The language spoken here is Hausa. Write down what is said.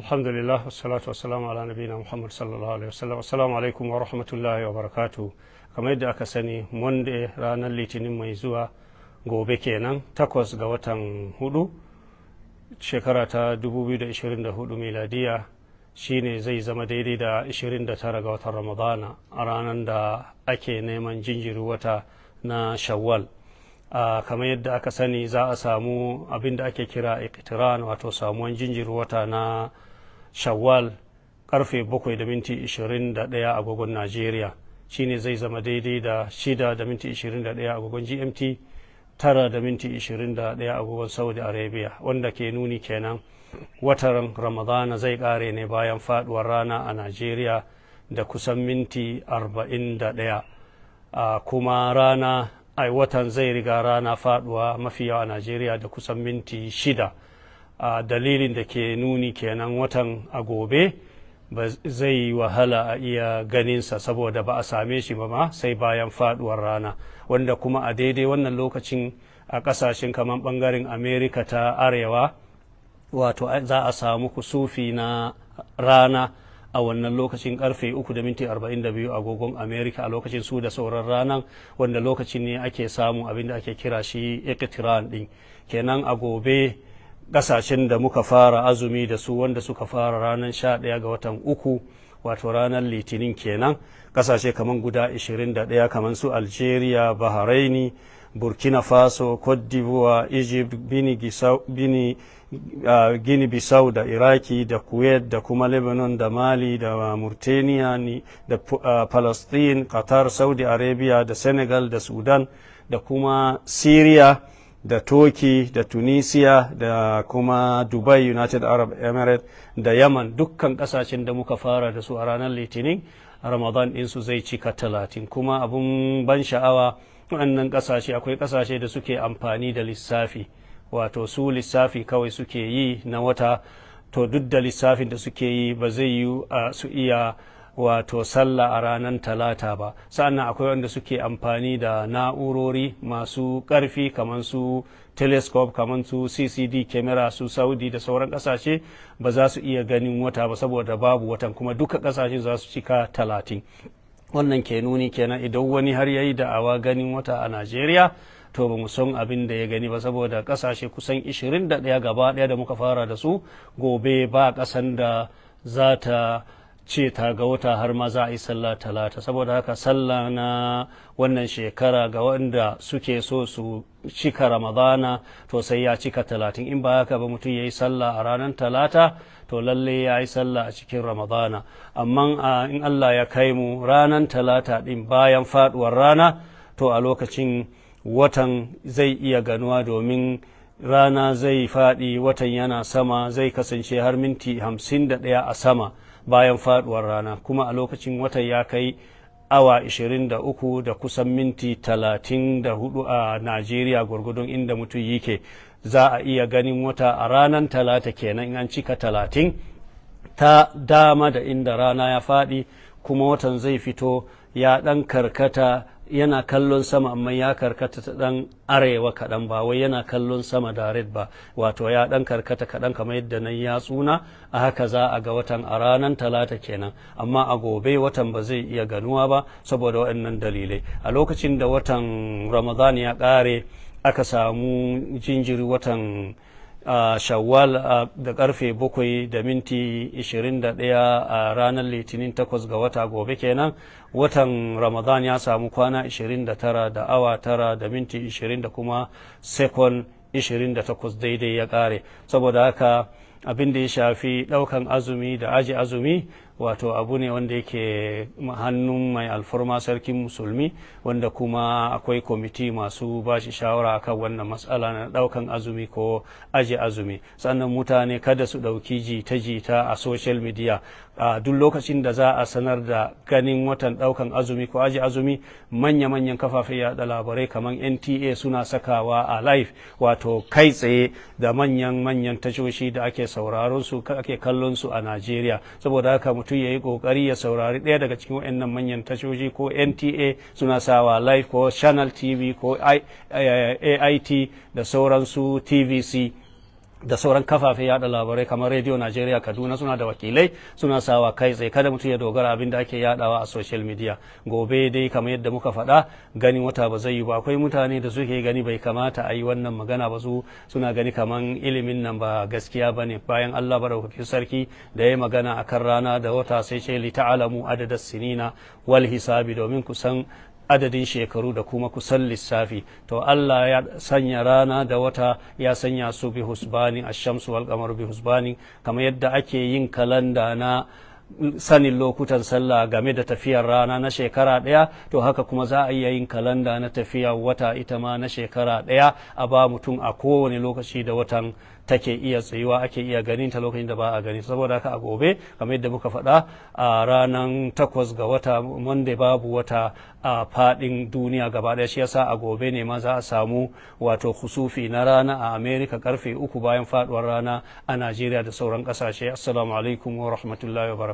alhamdulillah wassalatu wassalamu ala nabiyina muhammad sallallahu alaihi wasallam assalamu alaikum wa rahmatullahi wa barakatu kamar yadda aka sani monday ranar litinin mai zuwa gobe kenan takwas ga watan hudu shekara ta 2024 miladiya shine zai zama daidai da 29 ga watan ramadana a ranar da ake neman jinjiri wata na shawwal kamar yadda aka sani za a samu abin da ake kira iqtiran wato samuwan jinjir wata na shawwal karfe bakwai da minti agogon najeriya shine zai zama daidai da 6:21 da minti agogon gmt 9:21 da minti agogon saudi arabia wanda ke nuni kenan watan ramadana zai kare ne bayan faduwar rana a najeriya da kusan minti 41 kuma rana ai watan zai riga rana faduwa mafi yawa a najeriya da kusan minti shida a dalilin da ke nuni kenan watan a gobe ba zai wahala a iya ganinsa saboda ba a same shi ba ma sai bayan faduwar rana wanda kuma a daidai wannan lokacin a kasashen kamar bangaren amerika ta arewa wato za a samu kusufi na rana a wannan lokacin karfe 3 da minti 42 agogon america a lokacin su da sauran ranar wanda lokacin ne ake samu abin da ake kira shi ikitiran din kenan a gobe kasashen da muka fara azumi da su wanda suka fara ranar 11 ga watan uku wato ranar litinin kenan kasashe kamar guda 21 kamar su algeria bahraini burkina faso cote d'ivoire egypt gini uh, bissau da iraki da kuwait da kuma lebanon da mali da mauritania da uh, palestine qatar saudi arabia da senegal da sudan da kuma syria da turkey da tunisia da kuma dubai united arab emirates da yaman dukkan kasashen da muka fara da su a ranar litinin ramadan ɗinsu zai cika talatin kuma abun ban sha'awa waɗannan ƙasashe akwai ƙasashe da suke amfani da lissafi wato su lissafi kawai suke yi na wata to duk da lissafin da suke yi ba zai yi su iya wato sallah a ranar talata ba sannan akwai wanda suke amfani da na'urori masu ƙarfi kamar su telescope kamar su ccd camera su saudi da sauran ƙasashe ba za su iya ganin wata ba saboda babu watan kuma duka ƙasashe za su cika talatin wannan ke nuni kenan idan wani har ya yayi da'awa ganin wata a najeriya to ba mu san abin da ya gani ba saboda kasashe kusan 21 gaba daya da muka fara da su gobe ba kasan da zata. ce ta ga wata har ma za a yi sallah talata saboda haka sallah na wannan shekara ga wanda suke so su cika ramadana to sai ya cika talatin in ba haka ba mutum ya yi sallah a ranar talata to lalle ya yi sallah a cikin ramadana amma in allah ya kai mu ranar talata din bayan faduwar rana to a lokacin watan zai iya ganuwa domin rana zai faɗi watan yana sama zai kasance har minti hamsin da ɗaya a sama bayan faduwar rana kuma a lokacin watan ya kai awa 23 da kusan minti 34 a Najeriya gwargwadon inda mutum yake za a iya ganin wata a ranar talata kenan an cika talatin ta dama da inda rana ya faɗi kuma watan zai fito ya ɗan karkata yana kallon sama amma ya karkata ta dan arewa kaɗan ba wai yana kallon sama red ba wato ya dan karkata kaɗan kamar yadda nan ya tsuna a haka za a ga watan a ranar talata kenan amma a gobe watan ba zai iya ganuwa ba saboda waɗannan dalilai a lokacin da watan ramadan ya ƙare aka samu jinjiri watan a shawwal da karfe bakwai da minti 21 a ranar litinin 8 ga wata gobe kenan watan ramadan ya samu kwana 29 da awa 9 da minti 20 da kuma second 28 daidai ya kare saboda haka abin da ya shafi daukan azumi da aji azumi wato abu ne wanda yake hannun mai alfarma sarkin musulmi wanda kuma akwai kwamiti masu bashi shi shawara kan wannan matsala na daukan azumi ko aje azumi sannan mutane kada su dauki jita-jita a social media a duk lokacin da za a sanar da ganin watan daukan azumi ko aje azumi manya-manyan kafafen yada labarai kamar nta suna sakawa a live wato kai tsaye da manyan-manyan tashoshi da ake sauraron su ake kallon su a najeriya saboda haka mutum mutum ya yi kokari ya saurari ɗaya daga cikin wannan manyan tashoji ko nta suna sawa live ko channel tv ko eh, ait da sauransu tvc da sauran kafafen yada labarai kamar radio Najeriya Kaduna suna da wakilai suna sawa kai tsaye kada mutum ya dogara abin da ake yadawa a social media gobe dai kamar yadda muka faɗa gani wata ba zai yi ba akwai mutane da suke gani bai kamata a yi wannan magana ba su suna gani kamar ilimin nan ba gaskiya ba ne bayan Allah baraukakin sarki da ya magana akan rana da wata sai ce li ta'alamu adada sinina wal hisabi domin kusan adadin shekaru da kuma kusan lissafi to Allah ya sanya rana da wata ya sanya su bi husbanin ashamsu wal kamar bi husbanin kamar yadda ake yin kalanda na sanin lokutan sallah game da tafiyar rana na shekara ɗaya to haka kuma za a iya yin kalanda na tafiya wata ita ma na shekara ɗaya a ba mutum a kowane lokaci da watan take iya tsayuwa ake iya ganin ta lokacin da ba a gani saboda haka a gobe kamar yadda muka faɗa a ranar takwas ga wata monday babu wata a faɗin duniya gaba ɗaya shi yasa a gobe ne ma za a samu wato kusufi na rana a america karfe uku bayan faduwar rana a najeriya da sauran ƙasashe assalamu alaikum wa rahmatullahi wa